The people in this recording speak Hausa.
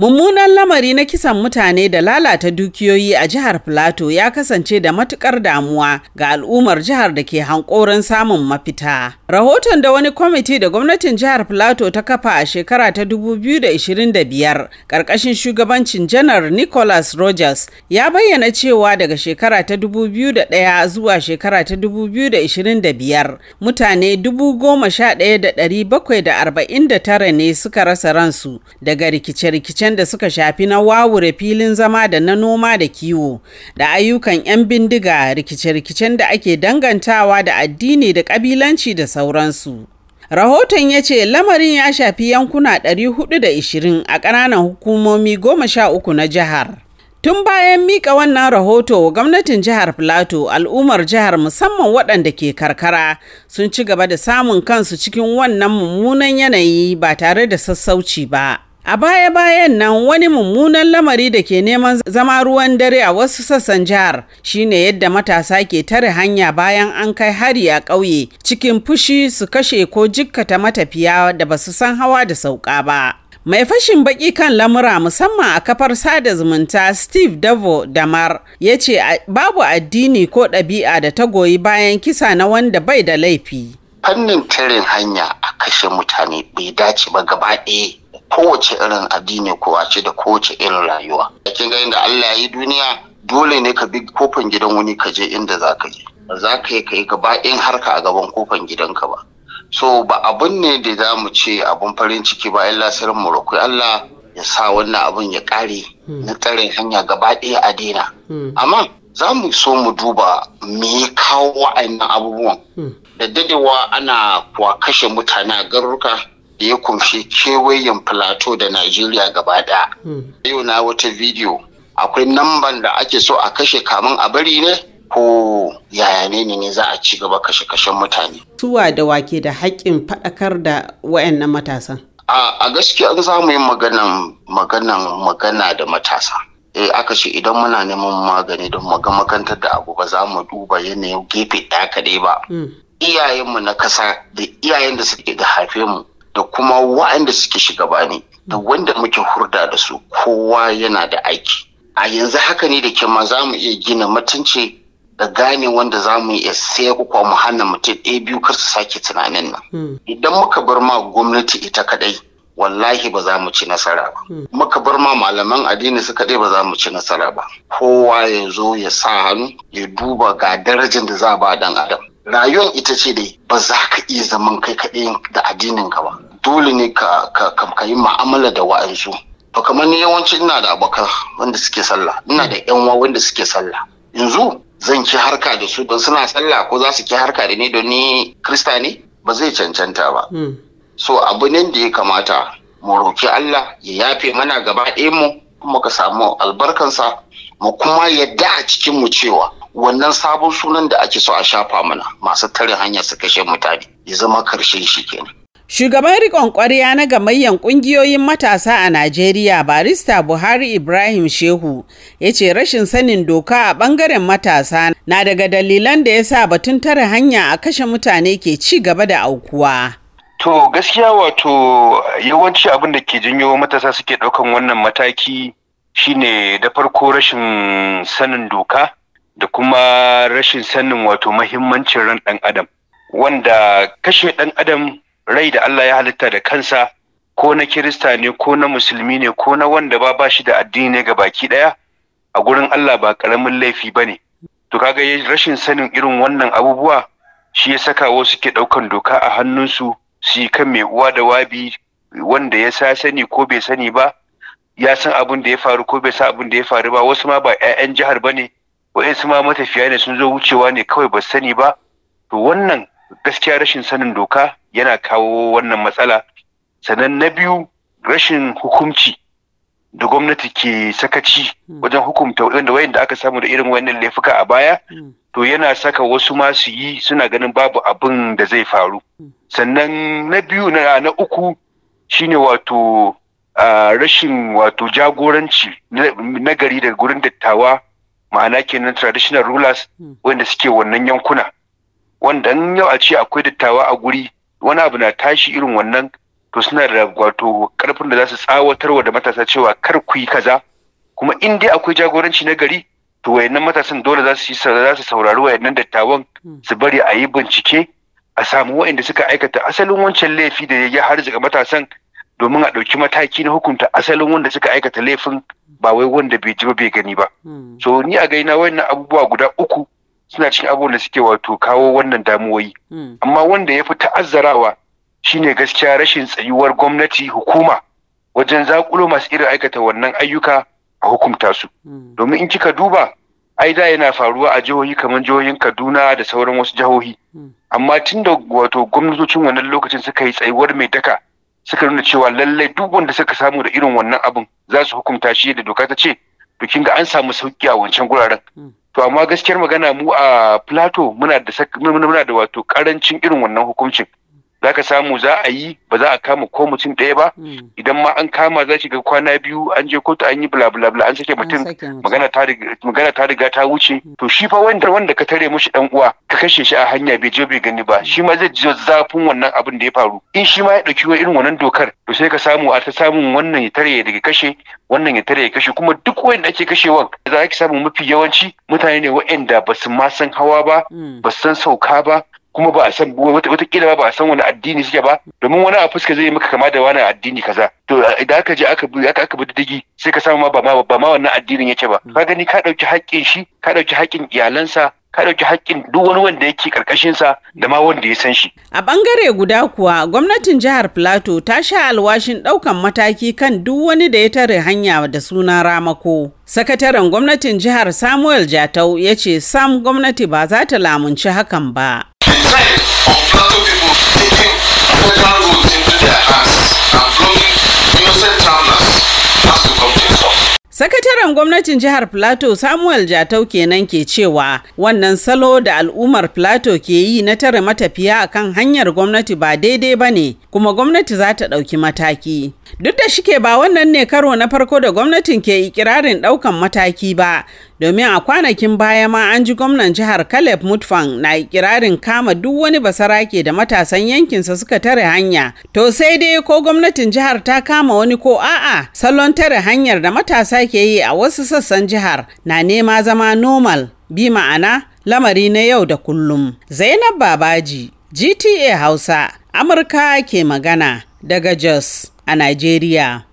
Mummunan lamari na kisan mutane da lalata dukiyoyi a jihar Filato ya kasance da matukar damuwa ga al'ummar jihar da ke hankoron samun mafita. Rahoton da wani kwamiti da gwamnatin jihar Filato ta kafa a shekara ta 2025 karkashin shugabancin janar Nicholas Rogers ya bayyana cewa daga shekara ta 2001 zuwa shekara ta 2025 mutane 11,749 ne suka rasa ransu daga rikice-rikicen matakan da suka shafi na wawure filin zama da na noma da kiwo da ayyukan 'yan bindiga rikice-rikicen da ake dangantawa da addini da ƙabilanci da sauransu. Rahoton ya ce lamarin ya shafi yankuna 420 a ƙananan hukumomi 13 na jihar. Tun bayan mika wannan rahoto gwamnatin jihar Filato al'ummar jihar musamman waɗanda ke karkara sun ci gaba da samun kansu cikin wannan mummunan yanayi ba tare da sassauci ba. A baya-bayan nan wani mummunan lamari da ke neman zama ruwan dare a wasu sassan jihar shine yadda matasa ke tare hanya bayan an kai hari a ƙauye cikin fushi su kashe ko jikkata matafiya da basu san hawa da sauka ba. mai fashin baki kan lamura musamman a kafar sada zumunta steve davo damar ya ce babu addini ko ɗabi'a da ta goyi bayan kisa na wanda bai da laifi fannin tarin hanya a kashe mutane bai dace ba gaba ɗaya kowace irin addini a ce da kowace irin rayuwa kin ga da Allah ya yi duniya dole ne ka bi kofan gidan wani ka je inda za ka je za ka yi ka yi gaba in harka a gaban kofan gidanka ba so ba abun ne da za mu ce abun farin ciki ba illa sirrin mu roƙi Allah ya sa wannan abun ya kare hmm. na tsarin hanya gaba ɗaya a daina hmm. amma za mu so mu duba me ya kawo wa'annan abubuwan hmm. da dadewa ana kuwa kashe mutane a garuruka da ya kumshi kewayen plateau da Najeriya gaba ɗaya. Hmm. Yau na wata bidiyo akwai namban da ake so a kashe kamun a bari ne ko yaya ne ne za a ci gaba kashe-kashen mutane. Suwa da wake da haƙƙin faɗakar da wayannan matasan. A gaskiya za mu yi maganan magana da matasa. eh aka ce idan muna neman magani don magantar da abu ba za mu duba yanayin gefe ɗaya kaɗai ba. Hmm. Iyayenmu na kasa da iyayen da suke da haife mu da kuma wa'anda suke shiga ne da wanda muke hurda da su kowa yana da aiki a yanzu haka ne da kima za mu iya gina mutunci da gane wanda za mu iya sai kuka mu hana mutum ɗaya biyu kar su sake tunanin nan hmm. idan muka bar ma gwamnati ita kaɗai wallahi ba za mu ci nasara ba hmm. muka bar ma malaman addini su kaɗai ba za mu ci nasara ba kowa ya zo ya sa hannu ya duba ga darajar da za a ba dan adam rayuwar ita ce dai ba za ka iya zaman kai kaɗai da addinin ka ba dole ne ka ka yi mu'amala da wa'ansu to kamar ni yawanci ina da abokan wanda suke sallah ina da yan wanda suke sallah yanzu zan ki harka da su don suna sallah ko za su ki harka da ni don ni krista ne ba zai cancanta ba hmm. so abu ne da ya kamata mu roki Allah ya yafe mana gaba ɗayan mu kuma ka samu albarkansa mu kuma yadda a cikin mu cewa wannan sabon sunan da ake so a shafa mana masu tare hanya su kashe mutane ya zama karshen shi kenan Shugaban rikon ƙwarya na gamayyan ƙungiyoyin matasa a Najeriya barista Buhari Ibrahim Shehu ya ce rashin sanin doka a ɓangaren matasa na daga dalilan da ya sa batun tare hanya a kashe mutane ke ci gaba da aukuwa. To gaskiya wato yawanci abin da ke janyo matasa suke ɗaukan wannan mataki shine da farko rashin sanin doka da kuma rashin sanin wato mahimmancin ran ɗan adam wanda kashe ɗan adam rai da Allah ya halitta da kansa ko na kirista ne ko na musulmi ne ko na wanda ba ba shi da addini ne ga baki ɗaya a gurin Allah ba ƙaramin laifi ba ne to kaga rashin sanin irin wannan abubuwa shi ya saka wasu ke ɗaukan doka a hannunsu su yi kan mai uwa da wabi wanda ya sa sani ko bai sani ba ya san abin da ya faru ko bai san abin da ya faru ba wasu ma ba 'ya'yan jihar ba ne waɗansu ma matafiya ne sun zo wucewa ne kawai ba sani ba to wannan gaskiya rashin sanin doka yana kawo wannan matsala sannan na biyu rashin hukunci da gwamnati ke sakaci hmm. wajen hukunta wanda wayan da aka samu da irin wannan laifuka a baya hmm. to yana saka wasu ma su yi suna ganin babu abin da zai faru hmm. sannan na biyu na uku shine wato rashin wato jagoranci na gari daga gurin dattawa ma'ana kenan traditional rulers hmm. wanda suke wannan yankuna wanda yau a ce akwai dattawa a guri wani abu na tashi irin wannan to suna da wato karfin da za su tsawatarwa da matasa cewa kar ku yi kaza kuma in dai akwai jagoranci na gari to wayannan matasan dole za su yi za su saurari wayannan dattawan hmm. su bari a yi bincike a samu wayanda suka aikata asalin wancan laifi da ya harzika matasan domin a ɗauki mataki na hukunta asalin wanda suka aikata laifin ba wai wanda bai ji ba bai gani ba hmm. so ni a gaina wannan abubuwa guda uku suna cikin abubuwan da suke wato kawo wannan damuwoyi hmm. amma wanda ya fi ta'azzarawa shine gaskiya rashin tsayuwar gwamnati hukuma wajen zakulo masu irin aikata wannan ayyuka a hukunta su hmm. domin in kika duba ai da yana faruwa a jihohi kamar jihohin Kaduna da sauran wasu jihohi amma tun da wato gwamnatocin wannan lokacin suka yi tsayuwar mai daka suka nuna cewa lallai duk wanda suka samu da irin wannan abin za su hukunta shi da doka ta ce to kin ga an samu sauki a wancan guraren hmm. to amma gaskiyar magana mu a plato muna da muna da wato karancin irin wannan hukuncin za ka samu za a yi ba za a kama ko mutum ɗaya ba hmm. idan ma an kama za ga kwana biyu an je kotu an yi bla bla bla an sake mutum magana ta riga ta wuce hmm. to shi fa wanda wanda ka tare mushi dan uwa ka kashe shi a hanya bai je bai gani ba hmm. shi ma zai ji zafin wannan abin da ya faru in shi ma ya ɗauki irin wannan dokar to sai ka samu a ta samun wannan ya tare daga kashe wannan ya tare ya kashe kuma duk wanda ake kashewa za ki samu mafi yawanci mutane ne waɗanda ba su ma san hawa ba ba san sauka ba kuma ba a san watakila ba a san wani addini suke ba domin wani a fuska zai maka kama da wani addini kaza to idan aka je aka bi aka bi sai ka samu ma ba ma ba ma wannan addinin yake ba mm. ka gani ka dauki haƙƙin shi ka dauki haƙƙin iyalansa ka ɗauki haƙƙin duk wani wanda yake ƙarƙashinsa da ma wanda ya san shi. A bangare guda kuwa gwamnatin jihar Plateau ta sha alwashin ɗaukan mataki kan duk wani da ya tare hanya da suna ramako. Sakataren gwamnatin jihar Samuel Jatau ya ce sam gwamnati ba za ta lamunci hakan ba. Sakataren gwamnatin jihar Plateau Samuel Jatau kenan ke cewa wannan salo da al'ummar Plateau ke yi na tare matafiya kan hanyar gwamnati ba daidai ba ne kuma gwamnati za ta ɗauki mataki. Duk da shike ba wannan ne karo na farko da gwamnatin ke ikirarin daukan mataki ba, domin a kwanakin baya ma an ji gwamnan jihar Caleb Mutfan na ikirarin kama duk wani basarake da matasan yankinsa suka tare hanya. To sai dai ko gwamnatin jihar ta kama wani ko a'a salon tare hanyar da matasa ke yi a wasu sassan jihar na nema zama normal bi ma'ana lamari na yau da kullum. Zainab Babaji, GTA Hausa, Amurka ke magana daga Jos. a Najeriya.